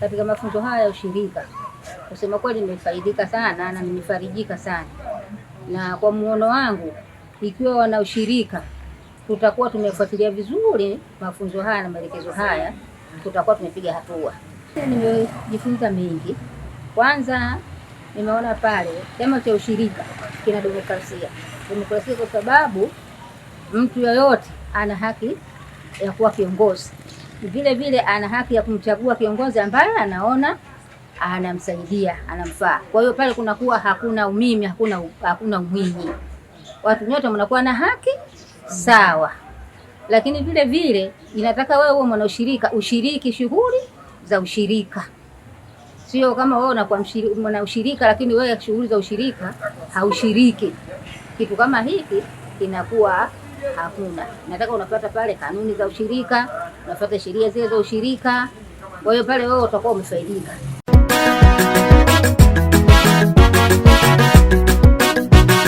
katika mafunzo haya ya ushirika. Kusema kweli, nimefaidika sana na nimefarijika sana, na kwa muono wangu, ikiwa wana ushirika tutakuwa tumefuatilia vizuri mafunzo haya na maelekezo haya, tutakuwa tumepiga hatua. Nimejifunza mengi. Kwanza nimeona pale chama cha ushirika kina demokrasia, demokrasia kwa sababu mtu yoyote ana haki ya kuwa kiongozi vile vile ana haki ya kumchagua kiongozi ambaye anaona anamsaidia anamfaa. Kwa hiyo pale kunakuwa hakuna umimi, hakuna hakuna umwinyi, watu nyote mnakuwa na haki sawa. Lakini vile vile inataka wewe uwe mwanaushirika, ushiriki shughuli za ushirika, sio kama wewe unakuwa mwanaushirika lakini wewe shughuli za ushirika haushiriki. Kitu kama hiki inakuwa hakuna. Nataka unapata pale kanuni za ushirika unafuata sheria zile za ushirika. Kwa hiyo pale wewe utakuwa umefaidika.